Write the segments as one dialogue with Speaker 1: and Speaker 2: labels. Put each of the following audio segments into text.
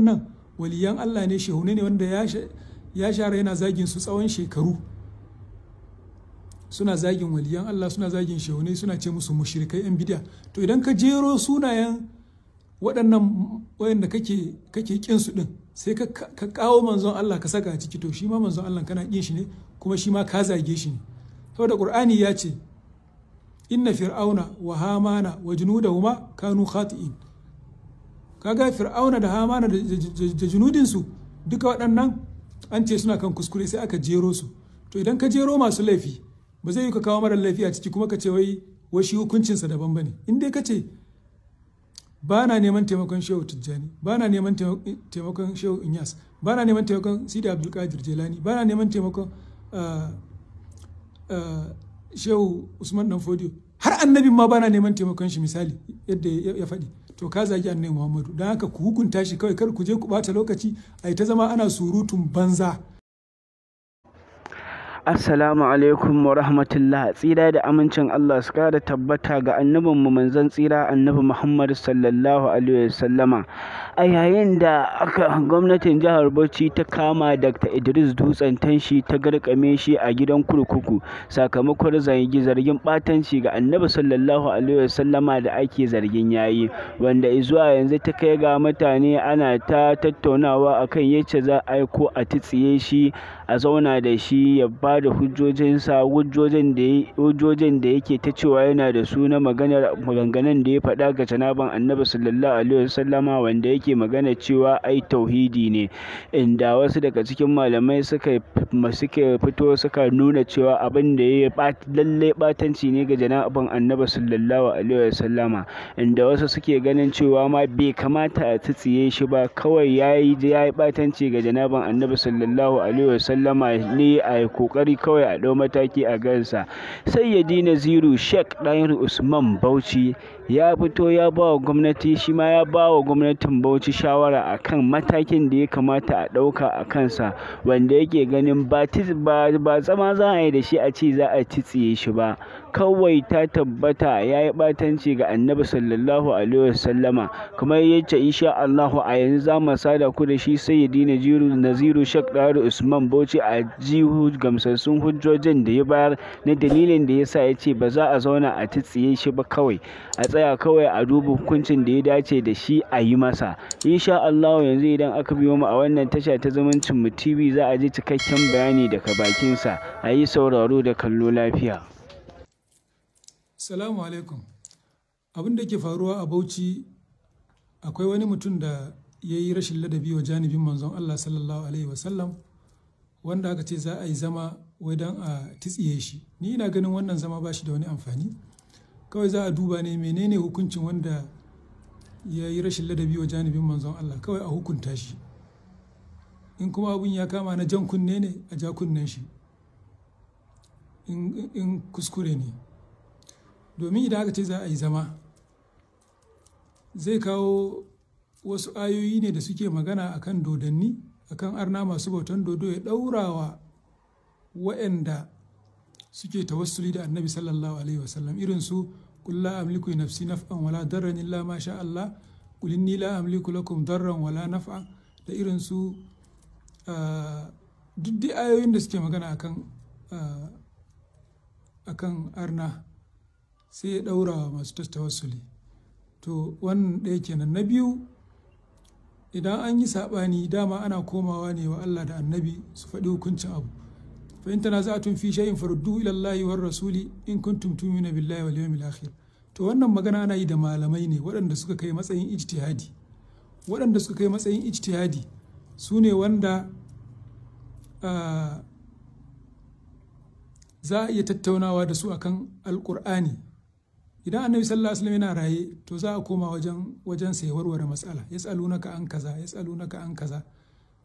Speaker 1: nan waliyan Allah ne shehu ne wanda ya shahara yana zagin su tsawon shekaru suna zagin waliyan Allah suna zagin ne suna ce musu mushrikai yan bidiya to idan ka jero sunayen waɗannan wayanda kake kake kin su din sai ka kawo manzon Allah ka saka a ciki to shi ma manzon Allah kana kin shi ne kuma shi ma ka zage shi ne saboda Qur'ani ya ce inna fir'auna wa hamana wa junudahuma kanu khati'in ka ga fir'auna da hamana da junudinsu duka waɗannan an ce suna kan kuskure sai aka jero su to idan ka jero masu laifi ba zai yi ka kawo mara laifi a ciki kuma ka ce wai washi hukuncinsa daban bane in dai ka ce ba na neman taimakon shehu tijjani ba na neman taimakon shehu inyas ba na neman taimakon sidi abdulkadir jelani ba na neman taimakon ah, ah, shehu usman danfodiyo har annabin ma bana neman taimakon shi misali yadda ya faɗi to ka zagi annabi muhammadu don haka ku hukunta shi kawai kar ku je ku bata lokaci a ta zama ana surutun banza
Speaker 2: Assalamu alaikum wa rahmatullah tsira da amincin Allah su kara tabbata ga annabinmu manzon tsira annabi Muhammad sallallahu alaihi wasallama a yayin da gwamnatin jihar Bauchi ta kama Dr. Idris Dutsen Tanshi ta garkame shi a gidan kurkuku sakamakon zargin batanci ga Annabi sallallahu alaihi wasallama da ake zargin yayi wanda zuwa yanzu ta kai ga mutane ana ta tattaunawa akan yacce za a yi ko a titsiye shi a zauna da shi ya ba da hujjojinsa hujjojin da yake ta cewa yana da su na maganar maganganun da ya faɗa ga janaban Annabi sallallahu alaihi wasallama wanda yake ake magana cewa ai tauhidi ne inda wasu daga cikin malamai suka suka fito suka nuna cewa abin da ya lalle batanci ne ga janabin annabi sallallahu alaihi wasallama inda wasu suke ganin cewa ma bai kamata a tsiye shi ba kawai yayi yayi batanci ga janabin annabi sallallahu alaihi wasallama ne a kokari kawai a dau mataki a gansa sai ya dina ziru shek ɗan usman bauchi ya fito ya ba wa gwamnati shi ma ya ba wa gwamnatin Bauchi shawara a kan matakin da ya kamata a ɗauka a kansa wanda yake ganin ba ba zama za a yi da shi a ci za a titsiye shi ba kawai ta tabbata ya yi ɓatanci ga annabi sallallahu alaihi wasallama kamar yadda insha Allahu a yanzu za mu sada ku da shi sayyidi naziru naziru shak daru usman bauchi a jihu gamsassun hujjojin da ya bayar na dalilin da yasa ya ce ba za a zauna a tsiye shi ba kawai a tsaya kawai a duba hukuncin da ya dace da shi a yi masa insha Allahu yanzu idan aka biyo mu a wannan tasha ta zamancin mu TV za a ji cikakken bayani daga bakinsa a yi sauraro da kallo lafiya
Speaker 1: Salamu alaikum. Abin da ke faruwa a Bauchi akwai wani mutum da ya yi rashin ladabi wa janibin manzon Allah sallallahu Alaihi wasallam wanda aka ce za a yi zama wai dan a titsiye shi. Ni ina ganin wannan zama ba shi da wani amfani. Kawai za a duba ne menene hukuncin wanda ya yi rashin ladabi wa janibin manzon Allah kawai a hukunta shi. In kuma abun ya kama na jan kunne ne a ja kunnen shi. In kuskure ne. domin idan aka ce za a yi zama zai kawo wasu ayoyi ne da suke magana a kan dodanni a kan arna masu bautan dodo ya ɗaurawa waɗanda suke tawassuli da annabi sallallahu alaihi wasallam irin su kulla amliku nafsi naf'an wala darran illa ma sha Allah qul la amliku lakum darran wala naf'a da irin su duk ayoyin da suke magana akan akan arna sai ya ɗaura wa masu tattawasuli to wannan ɗaya kenan na biyu idan an yi saɓani dama ana komawa ne wa Allah da annabi su faɗi hukuncin abu fahimta za a tun fi shay'in faruddu ila Allahi rasuli in kuntum tu'minuna billahi wal yawmil akhir to wannan magana ana yi da malamai ne waɗanda suka kai matsayin ijtihadi waɗanda suka kai matsayin ijtihadi su ne wanda za a iya tattaunawa da su akan alƙur'ani idan annabi sallallahu alaihi wasallam yana raye to za a koma wajen wajen sai warware matsala yasalunaka an kaza yasalunaka an kaza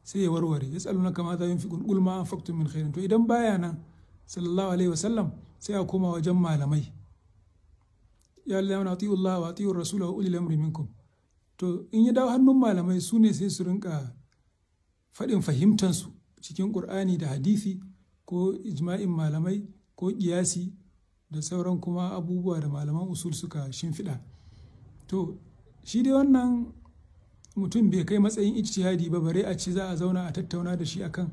Speaker 1: sai ya warware yasalunaka ma za yunfiqun qul ma anfaqtum min khairin to idan baya nan sallallahu alaihi wasallam sai a koma wajen malamai ya Allah na atiyu Allah wa atiyu Rasul wa ulil amri minkum to in ya dawo hannun malamai su ne sai su rinka faɗin fahimtansu cikin Qur'ani da hadisi ko ijma'in malamai ko ƙiyasi da sauran kuma abubuwa da malaman usul suka shimfiɗa to shi dai wannan mutum bai kai matsayin ijtihadi ba bare a ci za a zauna a tattauna da shi akan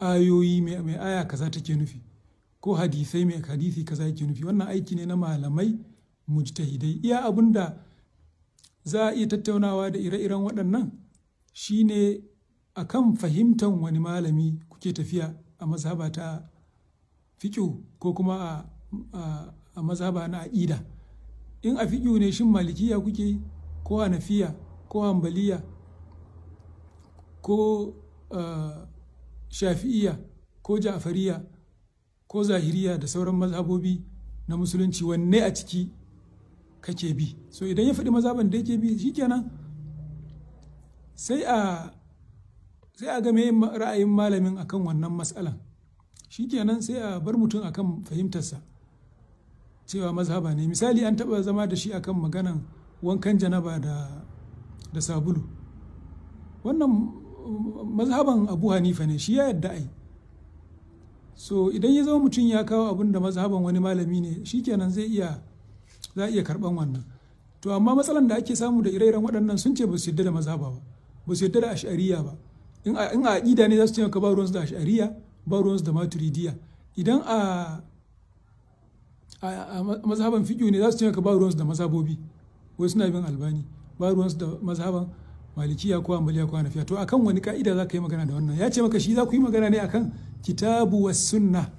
Speaker 1: ayoyi mai aya kaza take nufi ko hadisai mai hadisi kaza yake nufi wannan aiki ne na malamai mujtahidai iya abun da za a iya tattaunawa da ire-iren waɗannan shine akan fahimtar wani malami kuke tafiya a mazhaba ta fiƙo ko kuma a a mazhaba na aƙida in a fiƙi ne shin malikiya kuke ko a nafiya ko hambaliya ko shafi'iya ko ja'fariya ko zahiriya da sauran mazhabobi na musulunci wanne a ciki kake bi so idan ya faɗi mazaban da yake bi shikenan sai a sai a game ra'ayin malamin akan wannan matsalan shikenan sai a bar mutum akan fahimtarsa cewa mazhaba ne misali an taba zama da shi akan maganan wankan janaba da da sabulu wannan mazhaban abu hanifa ne shi ya yadda ai so idan ya zama mutum ya kawo abin da mazhaban wani malami ne shikenan zai iya za iya karban wannan to amma matsalan da ake samu da ire-iren waɗannan sun ce ba su yadda da mazhaba ba ba su yadda da ash'ariya ba in a aƙida ne za su ce ka ba ruwansu da ash'ariya ba ruwansu da maturidiya idan a a mazhaban fiƙi ne za su ce ka ba ruwansu da mazhabobi wai suna bin albani ba ruwansu da mazhaban malikiya ko ambaliya ko hanafiya to akan wani ka'ida za ka yi magana da wannan ya ce maka shi za ku yi magana ne akan kitabu wa sunna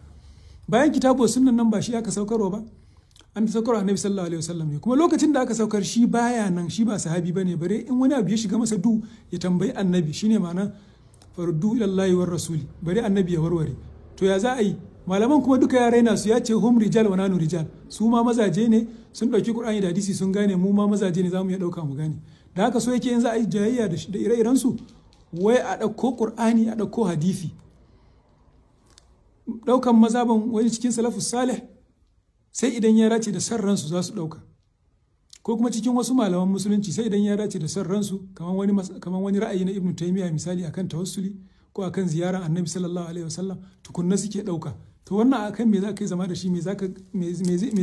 Speaker 1: bayan kitabu wa sunna nan ba shi aka saukarwa ba an saukar annabi sallallahu alaihi wasallam ne kuma lokacin da aka saukar shi baya nan shi ba sahabi ba bane bare in wani abu ya shiga masa du ya tambayi annabi shine ma'ana fardu ilallahi wa rasuli bare annabi ya warware to ya za a yi malaman kuma duka ya raina su ya ce hum rijal wa nanu rijal su ma mazaje ne sun ɗauki ƙurani da hadisi sun gane mu ma mazaje ne mu iya ɗauka mu gane da haka so yake yanzu a yi jayayya da ire-iren su wai a ɗauko kur'ani a ɗauko hadisi ɗaukan mazaban wani cikin salafu salih sai idan ya race da san ransu za su ɗauka ko kuma cikin wasu malaman musulunci sai idan ya race da san ransu kamar wani ra'ayi na ibnu taymiya misali akan tawassuli ko akan ziyarar annabi sallallahu alaihi wasallam tukunna suke ɗauka to wannan akan me za ka yi zama da shi me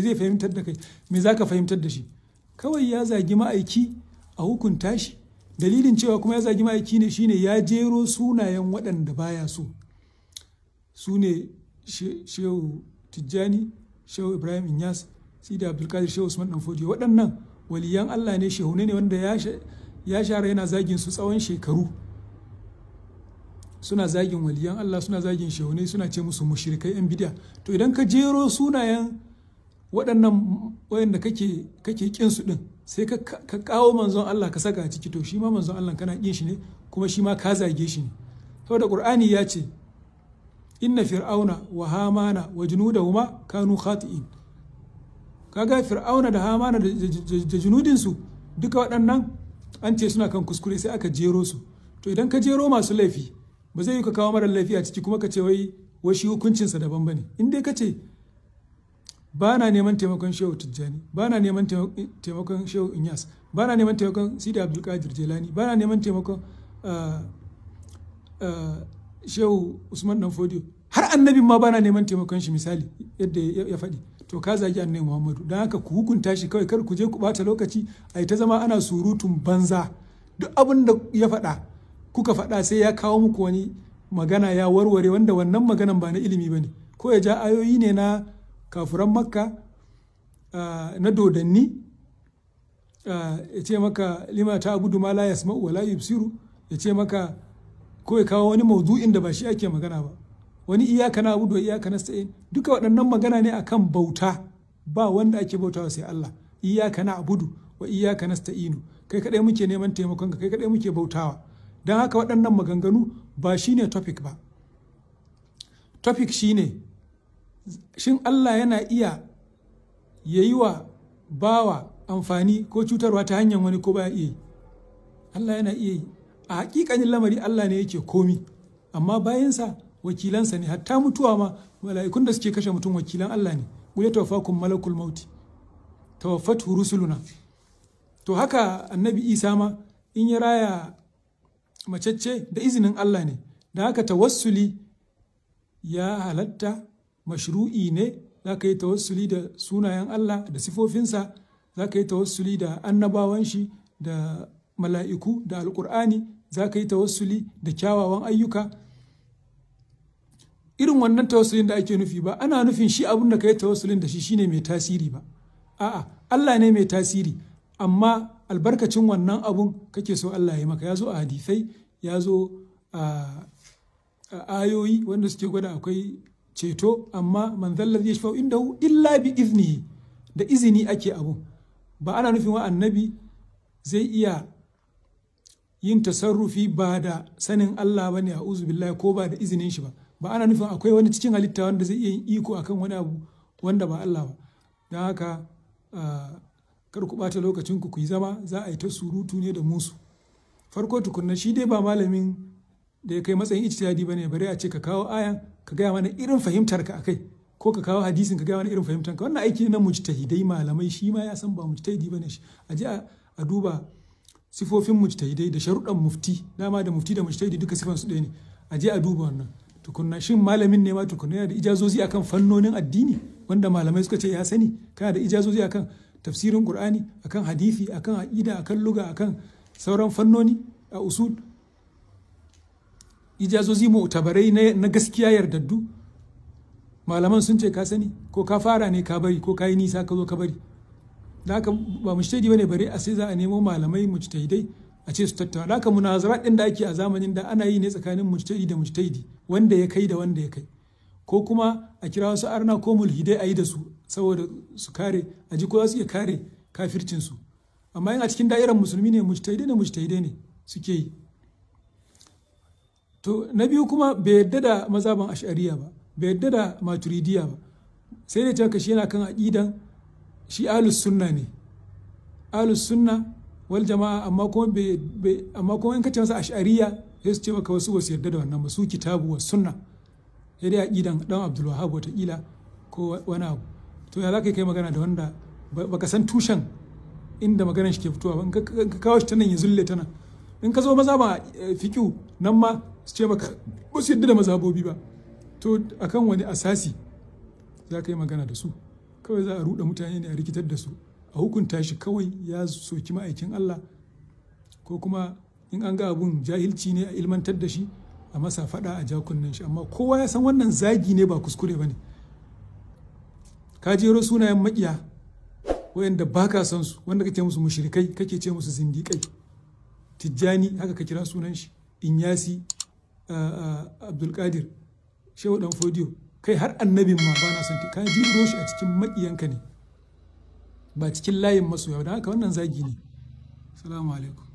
Speaker 1: zai fahimtar da kai me za ka fahimtar da shi kawai ya zagi ma'aiki a hukunta shi dalilin cewa kuma ya zagi ma'aiki ne shine ya jero sunayen waɗanda baya so su ne shehu tijjani shehu ibrahim inyas sidi abdulkadir shehu usman fodi waɗannan waliyan allah ne shehu ne wanda ya shahara yana zagin su tsawon shekaru suna zagin waliyan Allah suna zagin shehunai suna ce musu mushrikai yan bid'a to idan ka jero sunayen waɗannan wayanda kake kake kin su din sai ka kawo manzon Allah ka saka a ciki to shi ma manzon Allah kana kin shi ne kuma shi ma ka zage shi ne saboda Qur'ani ya ce inna fir'auna wa hamana wa junudahuma kanu khati'in kaga fir'auna da hamana da su duka waɗannan an ce suna kan kuskure sai aka jero su to idan ka jero masu laifi ba zai yi ka kawo mara laifi a ciki kuma ka ce wai washi hukuncinsa daban ba ne in dai ka ce ba na neman taimakon shehu tijjani ba na neman taimakon shehu inyas ba na neman taimakon sida abdulkadir jelani ba na neman taimakon ah, ah, shehu usman dan fodiyo har annabin ma ba na neman taimakon shi misali yadda ya faɗi to ka zagi annabi muhammadu don haka ku hukunta shi kawai kar ku je ku ɓata lokaci a ta zama ana surutun banza duk abin da ya faɗa kuka faɗa sai ya kawo muku wani magana ya warware wanda wannan maganan ba na ilimi ba ne ko ya ja ayoyi ne na kafuran makka na dodanni ya ce maka lima ta abudu ma la yasma'u wala ya ce maka ko ya kawo wani maudu'in da ba shi ake magana ba wani iyaka na abudu wa iyaka na sa'in duka waɗannan magana ne akan bauta ba wanda ake bautawa sai Allah iyaka na abudu wa iyaka nasta'inu kai kadai muke neman taimakon ka kai kadai muke bautawa don haka waɗannan maganganu ba shi ne topic ba topic shi ne shin allah yana iya ya yi wa bawa amfani ko cutarwa ta hanyar wani ko baya iya yi allah yana iya yi a haƙiƙanin lamari allah ne yake komi amma bayansa wakilansa ne hatta mutuwa ma mala'ikun da suke kashe mutum wakilan allah ne ya tawafakum malakul mauti tawaffatu rusuluna to haka annabi isa ma in ya raya macecce da izinin Allah ne da haka tawassuli ya halatta mashru'i ne za ka yi tawassuli da sunayen Allah da sifofinsa za ka yi tawassuli da annabawan shi da mala'iku da alkur'ani za ka yi tawassuli da kyawawan ayyuka irin wannan tawassulin da ake nufi ba ana nufin shi abin da ka yi tawassulin da shi shine mai tasiri ba a'a Allah ne mai tasiri amma albarkacin wannan abun kake so Allah ya maka ya zo a hadisai ya zo a ayoyi wanda suke gwada akwai ceto amma man zalla zai shafa inda illa bi izini da izini ake abu ba ana nufin wa annabi zai iya yin tasarrufi ba da sanin Allah ba ne a billahi ko ba da izinin shi ba ba ana nufin akwai wani cikin halitta wanda zai iya yin iko akan wani abu wanda ba Allah ba don haka kar ku ɓata lokacin ku yi zama za a yi ta surutu ne da musu farko tukunna shi dai ba malamin da ya kai matsayin ijtihadi bane bare a ce ka kawo ayan ka gaya mana irin fahimtar ka akai ko ka kawo hadisin ka gaya mana irin fahimtar ka wannan aiki na mujtahidai malamai shi ma ya san ba mujtahidi bane shi a je a duba sifofin mujtahidai da sharuɗan mufti dama da mufti da mujtahidi duka sifan su ɗaya ne a je a duba wannan tukunna shin malamin ne ma tukunna yana da ijazozi akan fannonin addini wanda malamai suka ce ya sani kana da ijazozi akan tafsirin qur'ani akan hadisi akan aqida akan luga akan sauran fannoni a usul ijazozi mu'tabarai na gaskiya yardaddu malaman sun ce ka sani ko ka fara ne ka bari ko ka nisa ka zo ka bari da haka ba shaidi bane bare a sai za a nemo malamai mujtahidai a ce su tattauna da haka munazara din da ake a zamanin da ana yi ne tsakanin mujtahidi da mujtahidi wanda ya kai da wanda ya kai ko kuma a kira wasu arna ko mulhidai a yi da su saboda su kare a ji ko za kare kafircinsu amma yin a cikin da'irar musulmi ne mujtahide ne mujtahide ne suke yi to na biyu kuma bai yadda da mazaban ash'ariya ba bai yadda da maturidiya ba sai da cewa shi yana kan aqidan shi ahlus sunna ne ahlus sunna wal jama'a amma kuma bai amma kuma in masa ash'ariya sai su ce maka wasu wasu yarda da wannan ba su kitabu was sunna sai dai aqidan dan abdul watakila wata ko wani abu to ya za ka yi magana da wanda baka san tushen inda maganar shi ke fitowa ba in ka kawo shi ta nan ya zulle ta nan in ka zo maza ba eh, fiƙu nan ma su ce maka ba su yadda da mazabobi ba to akan wani asasi za ka yi magana da su kawai za a ruɗa mutane ne a rikitar da su a hukunta shi kawai ya soki ma'aikin Allah ko kuma in an ga abun jahilci ne a ilmantar da shi a masa faɗa a jakunan shi amma kowa ya san wannan zagi ne ba kuskure ba ne ka jero sunayen makiya wayanda ba ka san su wanda kake musu mushrikai kake ce musu zindiƙai tijjani haka ka kira sunan shi inyasi abdulkadir shehu dan fodiyo kai har annabin ma ba na son ka jiro shi a cikin makiyanka ne ba cikin layin masoya don haka wannan zagi ne salamu alaikum